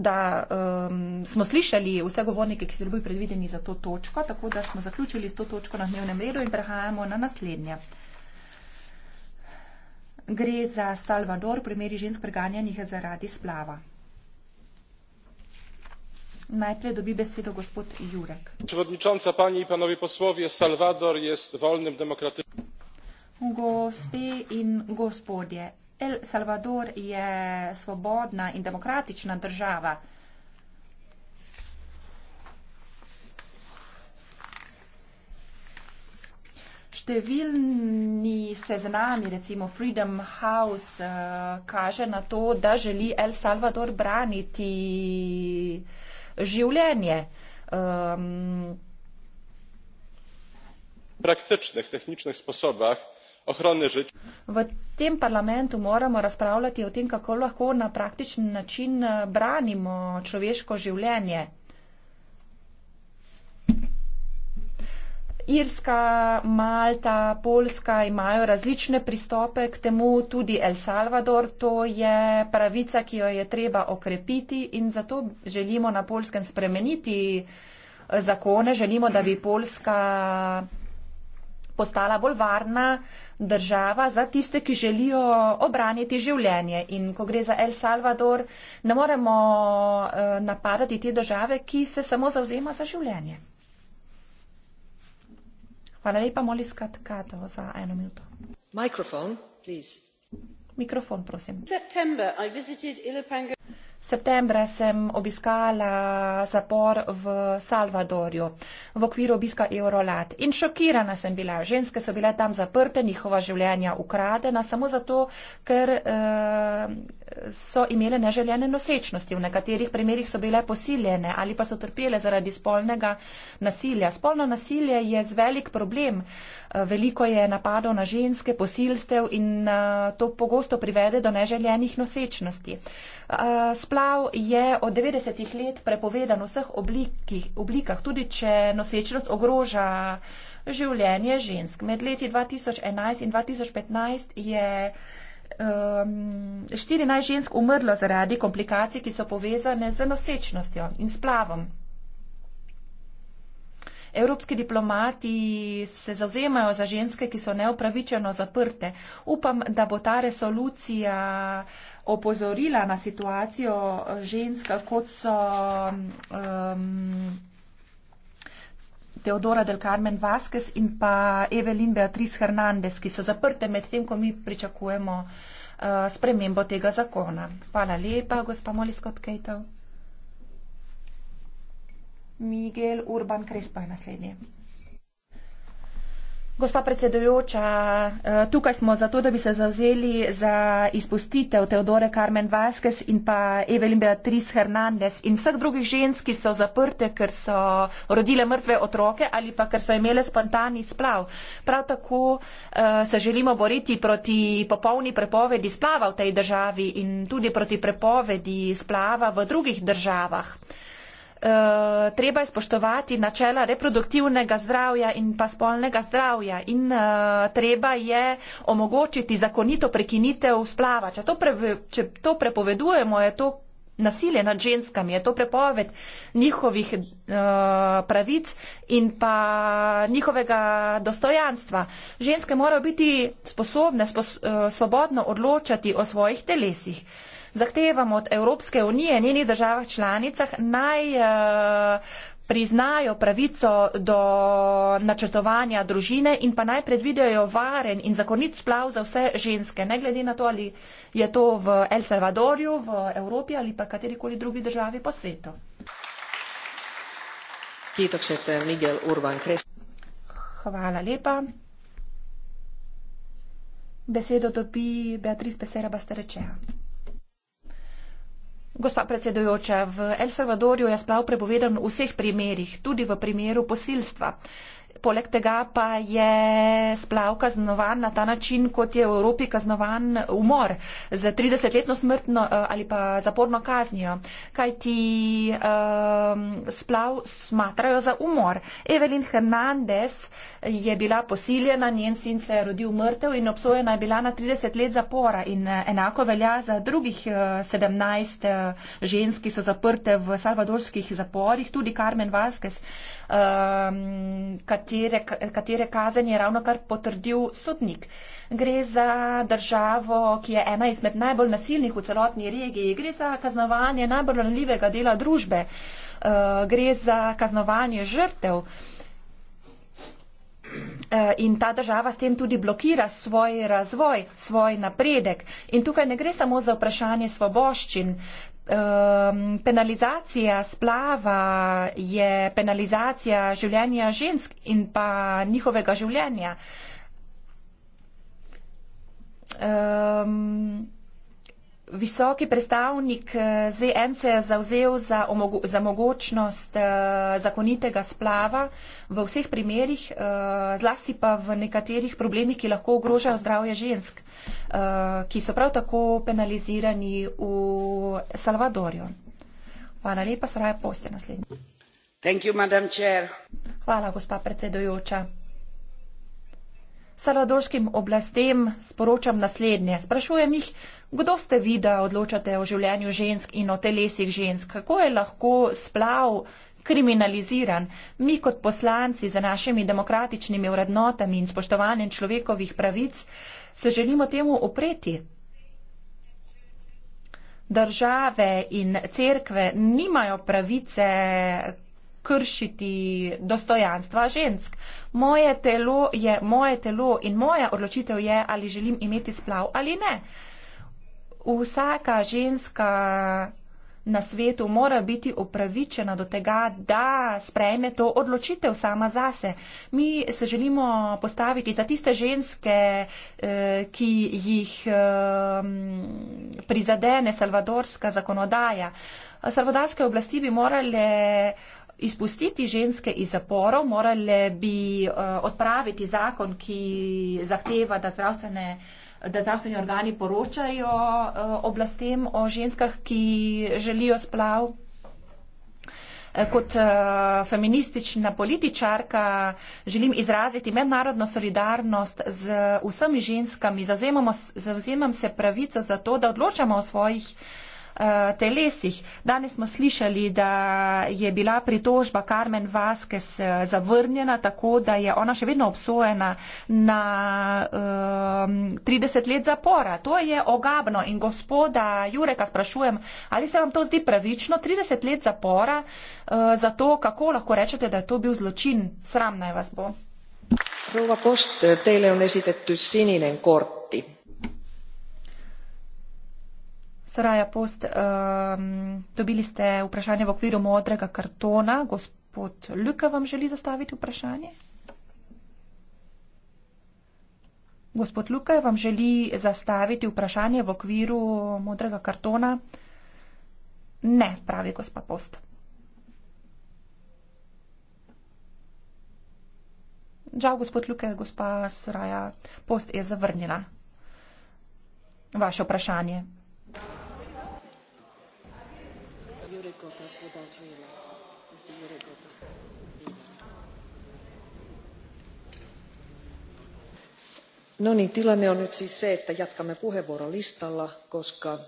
da um, smo slišali vse govornike, ki so bili predvideni za to točko, tako da smo zaključili s to točko na dnevnem redu in prehajamo na naslednje. Gre za Salvador, primeri žensk preganjanih zaradi splava. Najprej dobi besedo gospod Jurek. Predsednica, pani in panovi poslovi, Salvador je volnim demokratičnim. Gospe in gospodje, El Salvador je svobodna in demokratična država. Številni seznami, recimo Freedom House, eh, kaže na to, da želi El Salvador braniti življenje. Um, ehm, praktičnih, tehničnih sposobah ohrane življenja v tem parlamentu moramo razpravljati o tem, kako lahko na praktičen način eh, branimo človeško življenje. Irska, Malta, Poljska imajo različne pristope k temu, tudi El Salvador. To je pravica, ki jo je treba okrepiti in zato želimo na Poljskem spremeniti eh, zakone. Želimo, da bi Poljska postala bolj varna država za tiste, ki želijo obraniti življenje. In ko gre za El Salvador, ne moremo eh, napadati te države, ki se samo zauzema za življenje. Hvala lepa, moli skratkato za eno minuto. Mikrofon, prosim. Septembra sem obiskala zapor v Salvadorju v okviru obiska Eurolat in šokirana sem bila. Ženske so bile tam zaprte, njihova življenja ukradena samo zato, ker. Uh, so imele neželjene nosečnosti, v nekaterih primerjih so bile posiljene ali pa so trpele zaradi spolnega nasilja. Spolno nasilje je z velik problem. Eh, veliko je napadov na ženske, posilstev in eh, to pogosto privede do neželjenih nosečnosti. Eh, splav je od 90-ih let prepovedan v vseh oblikih, oblikah, tudi če nosečnost ogroža življenje žensk. Med leti 2011 in 2015 je um, 14 žensk umrlo zaradi komplikacij, ki so povezane z nosečnostjo in splavom. Evropski diplomati se zauzemajo za ženske, ki so neupravičeno zaprte. Upam, da bo ta resolucija opozorila na situacijo žensk, kot so um, Teodora del Carmen Vasquez in pa Evelin Beatriz Hernandez, ki so zaprte med tem, ko mi pričakujemo uh, Eh, spremembo tega zakona. Hvala lepa, gospa Moliskot Kejtov. Miguel Urban Crespo je naslednji. Gospa predsedujoča, eh, tukaj smo zato, da bi se zavzeli za izpustitev Teodore Carmen Vasquez in pa Evelyn Beatriz Hernandez in vseh drugih žensk, ki so zaprte, ker so rodile mrtve otroke ali pa ker so imele spontani splav. Prav tako eh, se želimo boriti proti popolni prepovedi splava v tej državi in tudi proti prepovedi splava v drugih državah. Eh, treba je spoštovati načela reproduktivnega zdravja in pa spolnega zdravja in uh, treba je omogočiti zakonito prekinitev splava. Če to, pre, če to prepovedujemo, je to nasilje nad ženskami, je to prepoved njihovih uh, pravic in pa njihovega dostojanstva. Ženske morajo biti sposobne spos, uh, svobodno odločati o svojih telesih. Uh, zahtevamo od Evropske unije, njenih državah članicah, naj eh, priznajo pravico do načrtovanja družine in pa naj predvidejo varen in zakonit splav za vse ženske, ne glede na to, ali je to v El Salvadorju, v Evropi ali pa katerikoli drugi državi po svetu. Hvala lepa. Besedo dobi Beatrice Pesera Basterečeja. Gospa predsedujoča, v El Salvadorju je splav prepovedan v vseh primerjih, tudi v primeru posilstva. Poleg tega pa je splav kaznovan na ta način, kot je v Evropi kaznovan umor z 30-letno smrtno eh, ali pa zaporno kaznijo. Kaj ti um, eh, splav smatrajo za umor? Evelin Hernandez uh, je bila posiljena, njen sin se je rodil mrtev in obsojena je bila na 30 let zapora. In eh, enako velja za drugih 17 eh, eh, žensk, ki so zaprte v salvadorskih zaporih, tudi Carmen Vasquez, ehm, katere, katere kazen je ravno kar potrdil sodnik. Gre za državo, ki je ena izmed najbolj nasilnih v celotni regiji. Gre za kaznovanje najbolj ranljivega dela družbe. Uh, gre za kaznovanje žrtev. Uh, Eh, in ta država s tem tudi blokira svoj razvoj, svoj napredek. In tukaj ne gre samo za vprašanje svoboščin. Ehm, penalizacija splava je penalizacija življenja žensk in pa njihovega življenja. Ehm, visoki predstavnik eh, ZN se je zavzel za, za mogočnost eh, zakonitega splava v vseh primerjih, eh, zlasti pa v nekaterih problemih, ki lahko ogrožajo zdravje žensk, ki so prav tako penalizirani v Salvadorju. Hvala lepa, Soraja, poste naslednji. Hvala, gospa predsedujoča salvadorskim oblastem sporočam naslednje. Sprašujem jih, kdo ste vi, da odločate o življenju žensk in o telesih žensk? Kako je lahko splav kriminaliziran? Mi kot poslanci za našimi demokratičnimi vrednotami in spoštovanjem človekovih pravic se želimo temu opreti. Države in cerkve nimajo pravice kršiti dostojanstva žensk. Moje telo je moje telo in moja odločitev je, ali želim imeti splav ali ne. Vsaka ženska na svetu mora biti upravičena do tega, da sprejme to odločitev sama zase. Mi se želimo postaviti za tiste ženske, eh, ki jih ehm, prizadene salvadorska zakonodaja. Salvadorske oblasti bi morale izpustiti ženske iz zaporov, morale bi eh, odpraviti zakon, ki zahteva, da zdravstvene da zdravstveni organi poročajo eh, oblastem o ženskah, ki želijo splav. Eh, kot feministična političarka želim izraziti mednarodno solidarnost z vsemi ženskami. Zavzemam se pravico za to, da odločamo o svojih Eh, telesih. Danes smo slišali, da je bila pritožba Carmen Vasquez eh, zavrnjena, tako da je ona še vedno obsojena na um, ehm, 30 let zapora. To je ogabno in gospoda Jureka sprašujem, ali se vam to zdi pravično, 30 let zapora uh, za to, kako lahko rečete, da je to bil zločin, sram naj vas bo. Prva pošt, tele je unesitetu sininen kort. Soraja Post, um, dobili ste vprašanje v okviru modrega kartona. Gospod Ljuka vam želi zastaviti vprašanje. Gospod Ljuka vam želi zastaviti vprašanje v okviru modrega kartona. Ne, pravi gospa Post. Žal, gospod Ljuka, gospa Soraja Post je zavrnila vaše vprašanje. Gott hat Gott hat Wille. Ist die Ehre Gott hat Wille. No niin, tilanne on nyt siis se, että jatkamme puheenvuorolistalla, koska...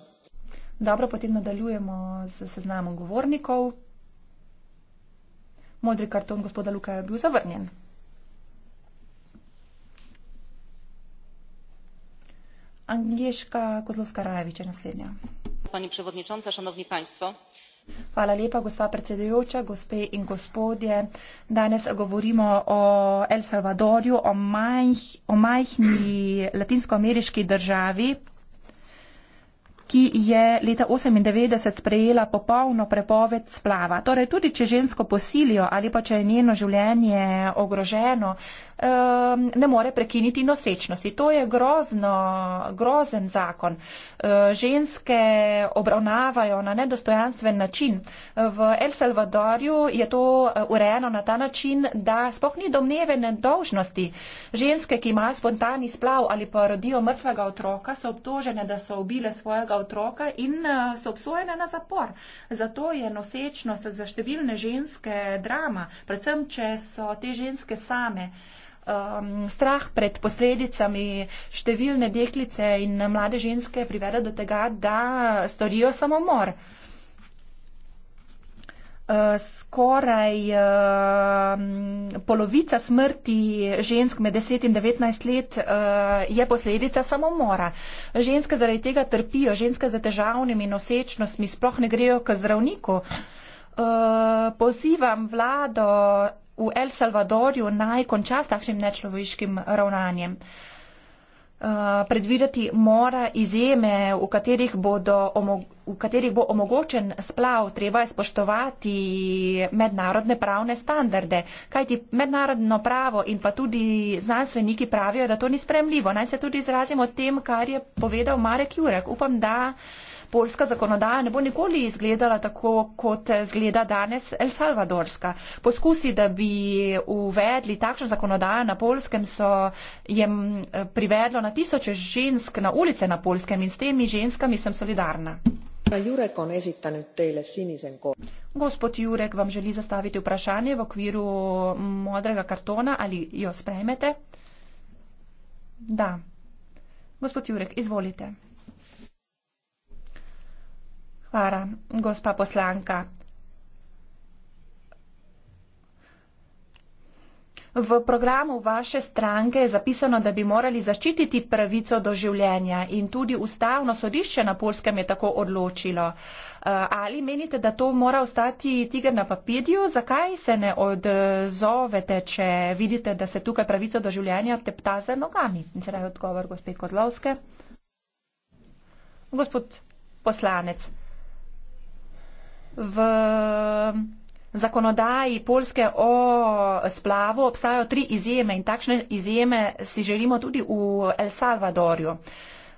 Dobro, potem nadaljujemo z seznamom govornikov. Modri karton gospoda Luka je bil zavrnjen. Angliška Kozlovska-Rajevič je naslednja. Pani predsednica, šanovni państvo, Hvala lepa, gospa predsedujoča, gospe in gospodje. Danes govorimo o El Salvadorju, o, majh, o majhni latinskoameriški državi, ki je leta 1998 sprejela popolno prepoved splava. Torej, tudi če žensko posilijo ali pa če je njeno življenje ogroženo, um, ne more prekiniti nosečnosti. To je grozno, grozen zakon. Uh, ženske obravnavajo na nedostojanstven način. V El Salvadorju je to uh, urejeno na ta način, da spoh ni domneve nedolžnosti. Ženske, ki imajo spontani splav ali pa rodijo mrtvega otroka, so obtožene, da so ubile svojega otroka in uh, so obsojene na zapor. Zato je nosečnost za številne ženske drama, predvsem, če so te ženske same um, strah pred posledicami številne deklice in mlade ženske privede do tega, da storijo samomor. Uh, skoraj uh, polovica smrti žensk med 10 in 19 let uh, je posledica samomora. Ženske zaradi tega trpijo, ženske za težavnimi nosečnostmi sploh ne grejo k zdravniku. Uh, pozivam vlado, v El Salvadorju naj konča s takšnim nečloviškim ravnanjem. Uh, predvideti mora izjeme, v katerih, bodo, v katerih bo omogočen splav, treba je spoštovati mednarodne pravne standarde, kajti mednarodno pravo in pa tudi znanstveniki pravijo, da to ni spremljivo. Naj se tudi izrazimo o tem, kar je povedal Marek Jurek. Upam, da uh, Polska zakonodaja ne bo nikoli izgledala tako, kot zgleda danes El Salvadorska. Poskusi, da bi uvedli takšno zakonodajo na Polskem, so jim eh, privedlo na tisoče žensk na ulice na Polskem in s temi ženskami sem solidarna. Jurek on esitanud teile sinisen kord. Gospod Jurek vam želi zastaviti vprašanje v okviru modrega kartona ali jo sprejmete? Da. Gospod Jurek, izvolite. Hvala, gospa poslanka. V programu vaše stranke je zapisano, da bi morali zaščititi pravico do življenja in tudi ustavno sodišče na Polskem je tako odločilo. Eh, ali menite, da to mora ostati tiger na papirju? Zakaj se ne odzovete, če vidite, da se tukaj pravico do življenja tepta za nogami? Zdaj je odgovor gospod Kozlovske. Gospod poslanec v zakonodaji Polske o splavu obstajajo tri izjeme in takšne izjeme si želimo tudi v El Salvadorju.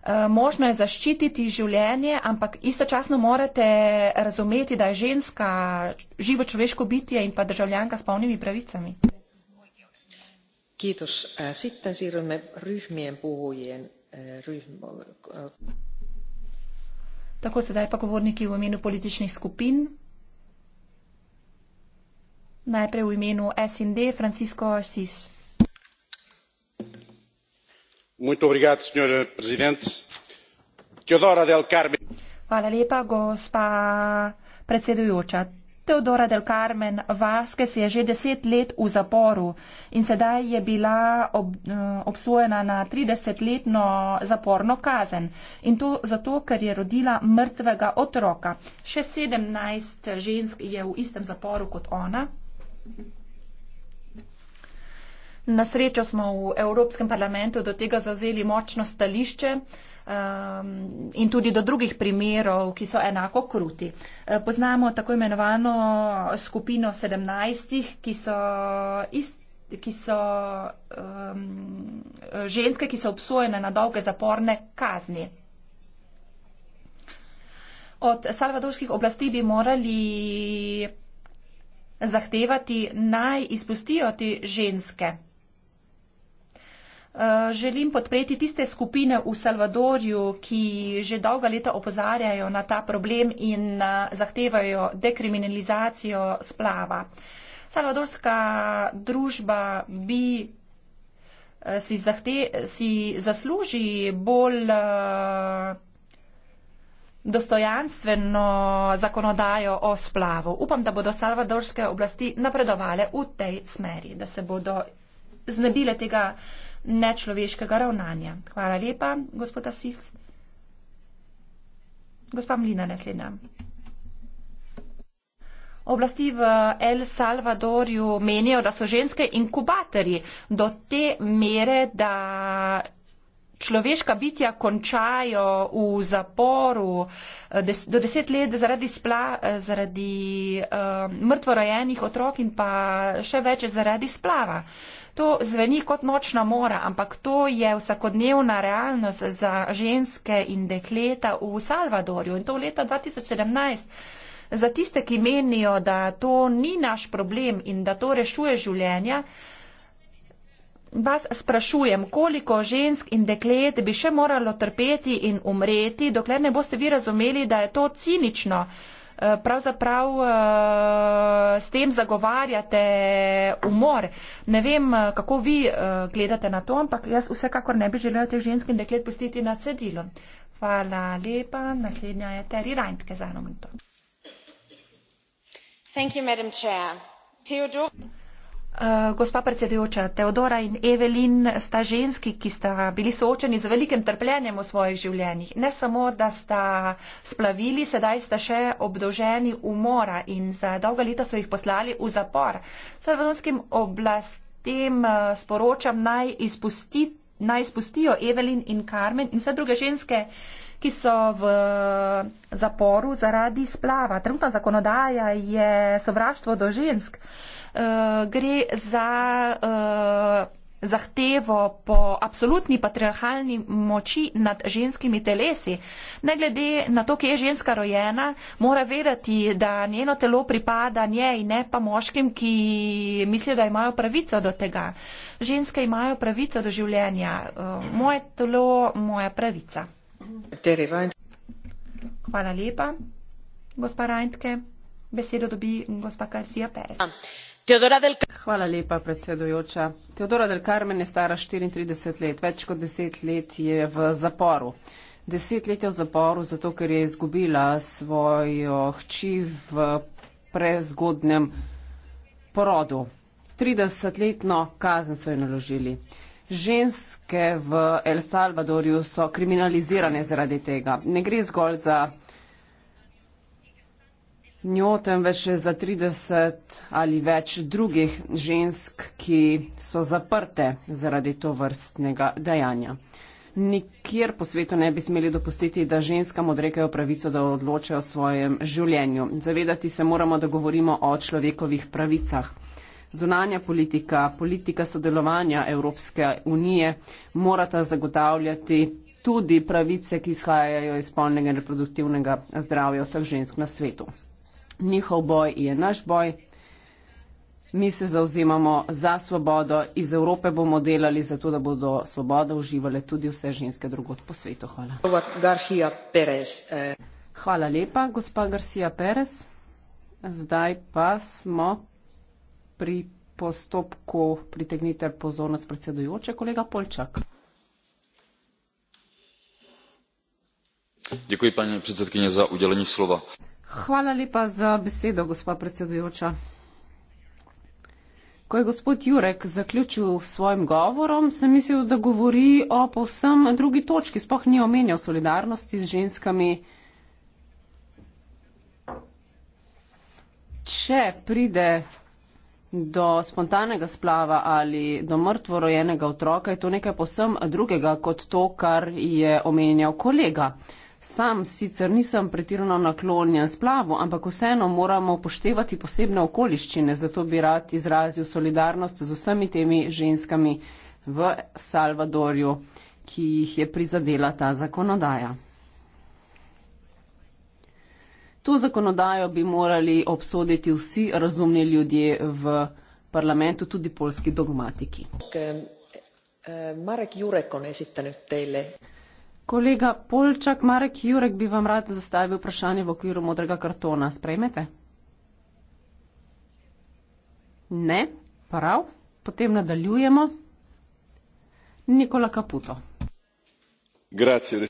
Eh, možno je zaščititi življenje, ampak istočasno morate razumeti, da je ženska živo človeško bitje in pa državljanka s polnimi pravicami. Kitos. Äh, sitten siirrymme ryhmien puhujien äh, ryhmä. Äh, Tako sedaj pa govorniki v imenu političnih skupin. Najprej v imenu SND Francisco Assis. Hvala lepa, gospa predsedujoča. Teodora del Carmen Vasquez je že deset let v zaporu in sedaj je bila ob, eh, obsojena na 30-letno zaporno kazen. In to zato, ker je rodila mrtvega otroka. Še 17 žensk je v istem zaporu kot ona. Na srečo smo v Evropskem parlamentu do tega zauzeli močno stališče um, in tudi do drugih primerov, ki so enako kruti. Eh, poznamo tako imenovano skupino sedemnajstih, ki so, ki so um, ženske, ki so obsojene na dolge zaporne kazni. Od salvadorskih oblasti bi morali zahtevati naj izpustijo te ženske. Eh, želim podpreti tiste skupine v Salvadorju, ki že dolga leta opozarjajo na ta problem in eh, zahtevajo dekriminalizacijo splava. Salvadorska družba bi eh, si, zahte, si zasluži bolj dostojanstveno zakonodajo o splavu. Upam, da bodo salvadorske oblasti napredovale v tej smeri, da se bodo znebile tega uh, nečloveškega ravnanja. Hvala lepa, gospod Asis. Gospa Mlina, naslednja. Oblasti v El Salvadorju menijo, da so ženske inkubatorji do te mere, da človeška bitja končajo v zaporu eh, des, do deset let zaradi, spla, eh, zaradi uh, mrtvorojenih otrok in pa še več zaradi splava. Uh, To zveni kot nočna mora, ampak to je vsakodnevna realnost za ženske in dekleta v Salvadorju in to v leta 2017. Za tiste, ki menijo, da to ni naš problem in da to rešuje življenja, vas sprašujem, koliko žensk in deklet bi še moralo trpeti in umreti, dokler ne boste vi razumeli, da je to cinično. Eh, pravzaprav eh, s tem zagovarjate umor. Ne vem, eh, kako vi gledate na to, ampak jaz vsekakor ne bi želela te ženske in deklet pustiti na cedilo. Hvala lepa. Naslednja je Teri Reintke za eno minuto. Thank you, madam chair. Teodor. Eh, gospa predsedujoča, Teodora in Evelin sta ženski, ki sta bili soočeni z velikim trpljenjem v svojih življenjih. Ne samo, da sta splavili, sedaj sta še obdoženi umora in za dolga leta so jih poslali v zapor. Srbonskim oblastem eh, sporočam naj, izpusti, naj izpustijo Evelin in Carmen in vse druge ženske, uh, ki so v eh, zaporu zaradi splava. Trenutna zakonodaja je sovraštvo do žensk. Eh, gre za eh, zahtevo po absolutni patriarhalni moči nad ženskimi telesi. Ne glede na to, kje je ženska rojena, mora vedeti, da njeno telo pripada njej, ne pa moškim, ki mislijo, da imajo pravico do tega. Ženske imajo pravico do življenja. Moje telo, moja pravica. Hvala lepa, gospa Rajntke. Besedo dobi gospa Karsija Perez. Hvala lepa, predsedujoča. Teodora del Carmen je stara 34 let, več kot 10 let je v zaporu. 10 let je v zaporu zato, ker je izgubila svojo hči v prezgodnem porodu. 30-letno kazen so ji naložili. Ženske v El Salvadorju so kriminalizirane zaradi tega. Ne gre zgolj za njo, temveč za 30 ali več drugih žensk, ki so zaprte zaradi to vrstnega dejanja. Nikjer po svetu ne bi smeli dopustiti, da ženskam odrekajo pravico, da odločajo o svojem življenju. Zavedati se moramo, da govorimo o človekovih pravicah zunanja politika, politika sodelovanja Evropske unije morata zagotavljati tudi pravice, ki izhajajo iz spolnega in reproduktivnega zdravja vseh žensk na svetu. Njihov boj je naš boj. Mi se zauzemamo za svobodo, iz Evrope bomo delali za to, da bodo svobodo uživale tudi vse ženske drugot po svetu. Hvala. Eh. Hvala lepa, gospa Garcia Perez. Zdaj pa smo pri postopku pritegnite pozornost predsedujoče, kolega Polčak. Děkuji, paní předsedkyně, za udělení slova. Hvala lepa za besedo, gospa predsedujoča. Ko je gospod Jurek zaključil s svojim govorom, sem mislil, da govori o povsem drugi točki, spoh ni omenjal solidarnosti z ženskami. Če pride do spontanega splava ali do mrtvo rojenega otroka je to nekaj posem drugega kot to, kar je omenjal kolega. Sam sicer nisem pretirano naklonjen splavu, ampak vseeno moramo upoštevati posebne okoliščine, zato bi rad izrazil solidarnost z vsemi temi ženskami v Salvadorju, ki jih je prizadela ta zakonodaja. To zakonodajo bi morali obsoditi vsi razumni ljudje v parlamentu, tudi polski dogmatiki. Eh, Kolega Polčak, Marek Jurek bi vam rad zastavil vprašanje v okviru modrega kartona. Sprejmete? Ne? Prav. Potem nadaljujemo. Nikola Caputo. Grazie.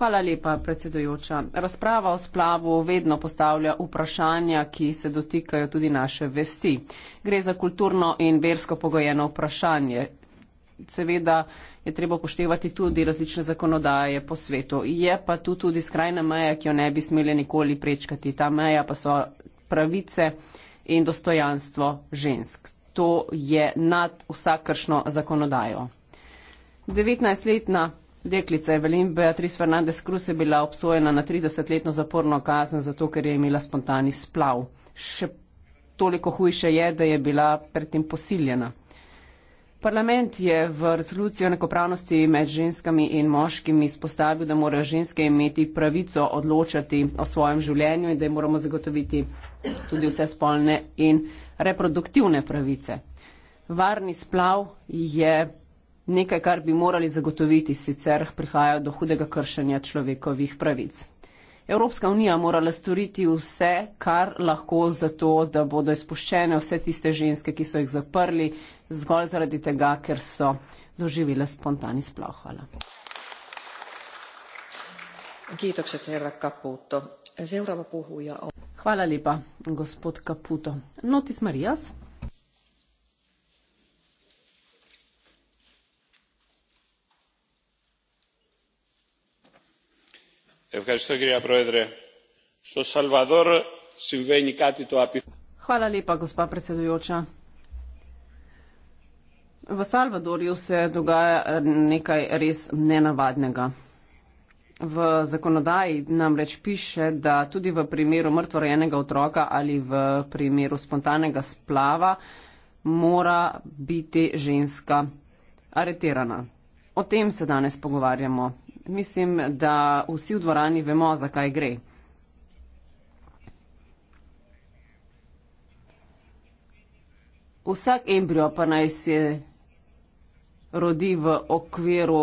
Hvala lepa, predsedujoča. Razprava o splavu vedno postavlja vprašanja, ki se dotikajo tudi naše vesti. Gre za kulturno in versko pogojeno vprašanje. Seveda je treba poštevati tudi različne zakonodaje po svetu. Je pa tu tudi skrajna meja, ki jo ne bi smeli nikoli prečkati. Ta meja pa so pravice in dostojanstvo žensk. To je nad vsakršno zakonodajo. 19-letna Deklica Evelin Beatriz Fernandez Cruz je bila obsojena na 30-letno zaporno kazen zato, ker je imela spontani splav. Še toliko hujše je, da je bila predtem posiljena. Parlament je v resolucijo o nekopravnosti med ženskami in moškimi izpostavil, da morajo ženske imeti pravico odločati o svojem življenju in da jim moramo zagotoviti tudi vse spolne in reproduktivne pravice. Varni splav je nekaj, kar bi morali zagotoviti, sicer prihaja do hudega kršenja človekovih pravic. Evropska unija morala storiti vse, kar lahko za to, da bodo izpuščene vse tiste ženske, ki so jih zaprli, zgolj zaradi tega, ker so doživele spontani splav. Hvala. Hvala lepa, gospod Caputo. Notis Marijas. ευχαριστώ κυρία Πρόεδρε. Στο Σαλβαδόρ συμβαίνει κάτι το απίθανο. Hvala lepa, gospa predsedujoča. V Salvadorju se dogaja eh, nekaj res nenavadnega. V zakonodaji namreč piše, da tudi v primeru mrtvorojenega otroka ali v primeru spontanega splava mora biti ženska aretirana. O tem se danes pogovarjamo. Mislim, da vsi v dvorani vemo, zakaj gre. Vsak embrio pa naj se rodi v okviru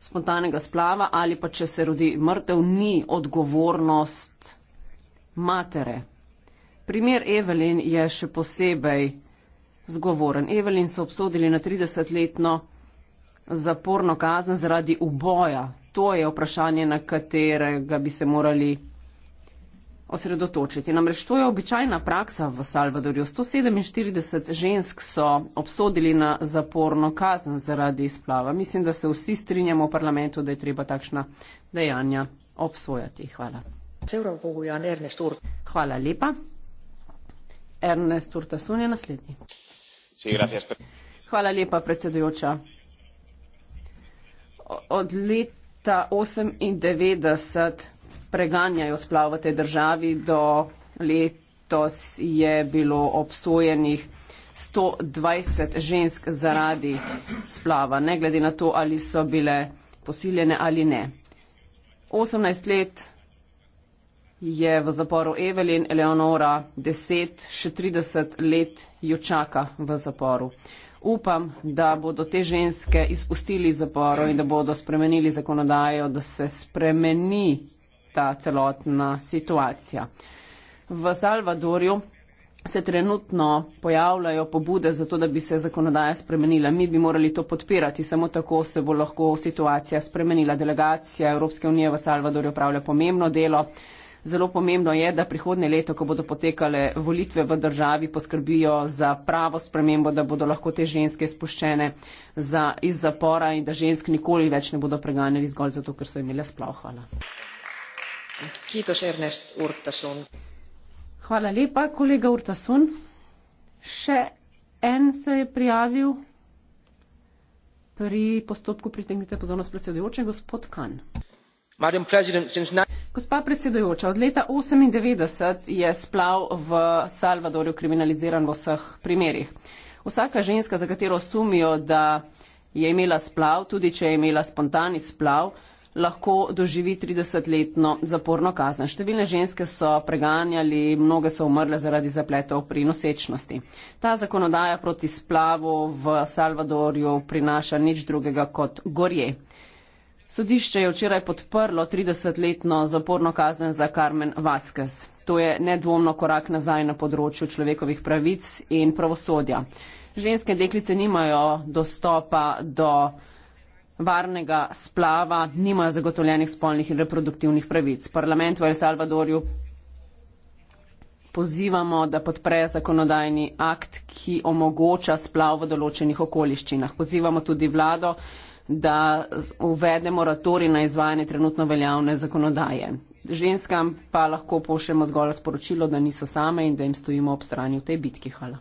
spontanega splava ali pa če se rodi mrtev, ni odgovornost matere. Primer Evelin je še posebej zgovoren. Evelin so obsodili na 30-letno zaporno kazen zaradi uboja? To je vprašanje, na katerega bi se morali osredotočiti. Namreč to je običajna praksa v Salvadorju. 147 žensk so obsodili na zaporno kazen zaradi splava. Mislim, da se vsi strinjamo v parlamentu, da je treba takšna dejanja obsojati. Hvala. Hvala lepa. Ernest Urtasun je naslednji. Hvala lepa, predsedujoča od leta 98 preganjajo splav v tej državi, do letos je bilo obsojenih 120 žensk zaradi splava, ne glede na to, ali so bile posiljene ali ne. 18 let je v zaporu Evelin Eleonora, 10, še 30 let jo čaka v zaporu upam, da bodo te ženske izpustili iz zaporov in da bodo spremenili zakonodajo, da se spremeni ta celotna situacija. V Salvadorju se trenutno pojavljajo pobude za to, da bi se zakonodaja spremenila. Mi bi morali to podpirati, samo tako se bo lahko situacija spremenila. Delegacija Evropske unije v Salvadorju upravlja pomembno delo. Zelo pomembno je, da prihodne leto, ko bodo potekale volitve v državi, poskrbijo za pravo spremembo, da bodo lahko te ženske spuščene za, iz zapora in da žensk nikoli več ne bodo preganjali zgolj zato, ker so imele splav. Hvala. Hvala lepa, kolega Urtasun. Še en se je prijavil pri postopku pritegnite pozornost predsedujoče, gospod Kan. Gospa predsedujoča, od leta 1998 je splav v Salvadorju kriminaliziran v vseh primerjih. Vsaka ženska, za katero sumijo, da je imela splav, tudi če je imela spontani splav, lahko doživi 30-letno zaporno kazen. Številne ženske so preganjali, mnoge so umrle zaradi zapletov pri nosečnosti. Ta zakonodaja proti splavu v Salvadorju prinaša nič drugega kot gorje. Sodišče je včeraj podprlo 30-letno zaporno kazen za Carmen Vasquez. To je nedvomno korak nazaj na področju človekovih pravic in pravosodja. Ženske deklice nimajo dostopa do varnega splava, nimajo zagotovljenih spolnih in reproduktivnih pravic. Parlament v El Salvadorju pozivamo, da podpre zakonodajni akt, ki omogoča splav v določenih okoliščinah. Pozivamo tudi vlado, da uvede moratori na izvajanje trenutno veljavne zakonodaje. Ženskam pa lahko pošljemo zgolj sporočilo, da niso same in da jim stojimo ob strani v tej bitki. Hvala.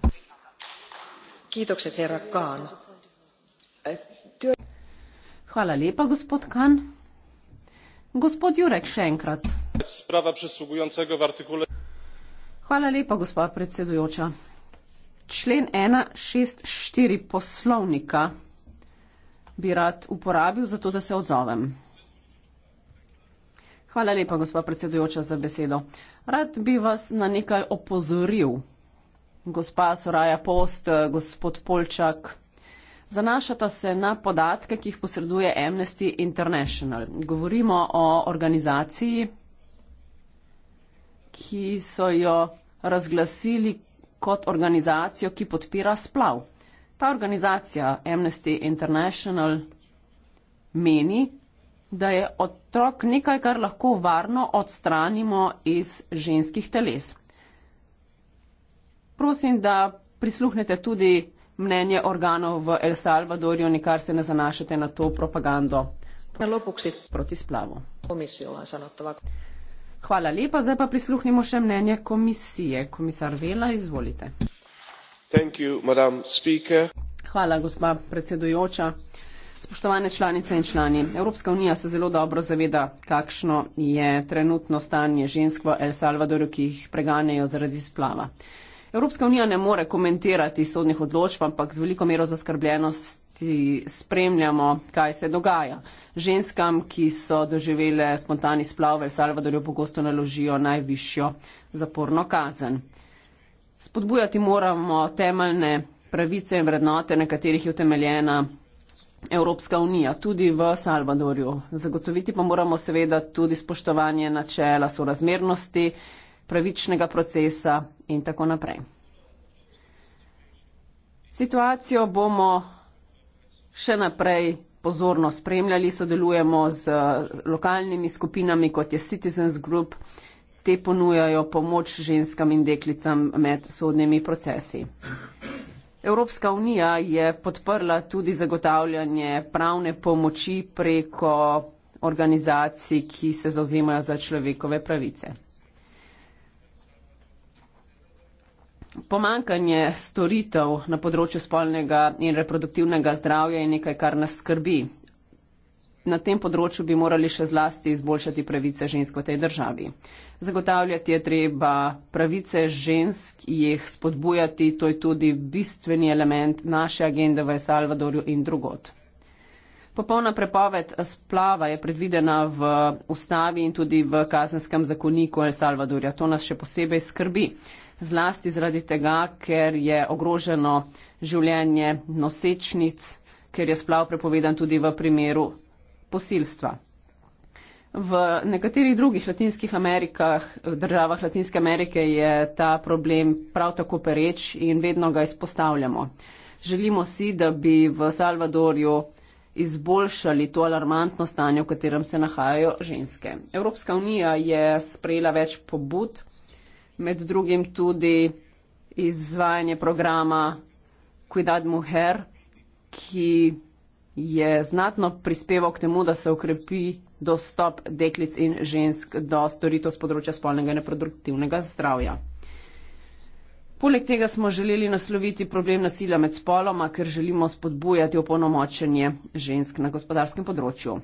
Hvala lepa, gospod Kan. Gospod Jurek, še enkrat. Hvala lepa, gospod predsedujoča. Člen 164 poslovnika bi rad uporabil za to, da se odzovem. Hvala lepa, gospa predsedujoča, za besedo. Rad bi vas na nekaj opozoril, gospa Soraja Post, gospod Polčak. Zanašata se na podatke, ki jih posreduje Amnesty International. Govorimo o organizaciji, ki so jo razglasili kot organizacijo, ki podpira splav. Ta organizacija Amnesty International meni, da je otrok nekaj, kar lahko varno odstranimo iz ženskih teles. Prosim, da prisluhnete tudi mnenje organov v El Salvadorju, nikar se ne zanašate na to propagando ja, proti splavu. Hvala lepa, zdaj pa prisluhnimo še mnenje komisije. Komisar Vela, izvolite spoštovane članice in člani evropska unija se zelo dobro zaveda kakšno je trenutno stanje žensk v el salvadorju ki jih preganjajo zaradi splava evropska unija ne more komentirati sodnih odločb ampak z veliko mero zaskrbljenosti spremljamo, kaj se dogaja. Ženskam, ki so doživele spontani splav v El Salvadorju, pogosto naložijo najvišjo zaporno kazen. Spodbujati moramo temeljne pravice in vrednote, na katerih je utemeljena Evropska unija, tudi v Salvadorju. Zagotoviti pa moramo seveda tudi spoštovanje načela sorazmernosti, pravičnega procesa in tako naprej. Situacijo bomo še naprej pozorno spremljali, sodelujemo z lokalnimi skupinami, kot je Citizens Group, te ponujajo pomoč ženskam in deklicam med sodnimi procesi. Evropska unija je podprla tudi zagotavljanje pravne pomoči preko organizacij, ki se zauzimajo za človekove pravice. Pomankanje storitev na področju spolnega in reproduktivnega zdravja je nekaj, kar nas skrbi. Na tem področju bi morali še zlasti izboljšati pravice žensk v tej državi. Zagotavljati je treba pravice žensk, jih spodbujati, to je tudi bistveni element naše agende v Salvadorju in drugot. Popolna prepoved splava je predvidena v ustavi in tudi v kazenskem zakoniku El Salvadorja. To nas še posebej skrbi, zlasti zaradi tega, ker je ogroženo življenje nosečnic, ker je splav prepovedan tudi v primeru posilstva. V nekaterih drugih Latinskih Amerikah, državah Latinske Amerike je ta problem prav tako pereč in vedno ga izpostavljamo. Želimo si, da bi v Salvadorju izboljšali to alarmantno stanje, v katerem se nahajajo ženske. Evropska unija je sprejela več pobud, med drugim tudi izvajanje programa Cuidad Mujer, ki je znatno prispeval k temu, da se okrepi dostop deklic in žensk do storitev z področja spolnega in reproduktivnega zdravja. Poleg tega smo želeli nasloviti problem nasilja med spoloma, ker želimo spodbujati opolnomočenje žensk na gospodarskem področju.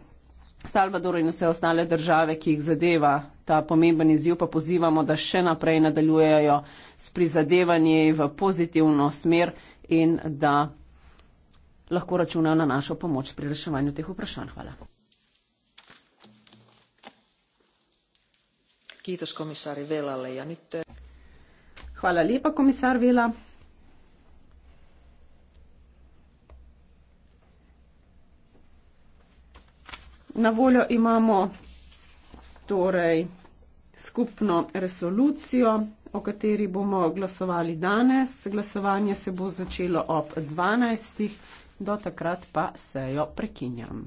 Salvador in vse ostale države, ki jih zadeva ta pomemben izziv, pa pozivamo, da še naprej nadaljujejo s prizadevanji v pozitivno smer in da lahko računajo na našo pomoč pri reševanju teh vprašanj. Hvala. Kiitos, komisari Velalle. Ja nyt... Eh, Hvala lepa, komisar Vela. Na voljo imamo torej skupno resolucijo, o kateri bomo glasovali danes. Glasovanje se bo začelo ob 12. Do takrat pa sejo prekinjam.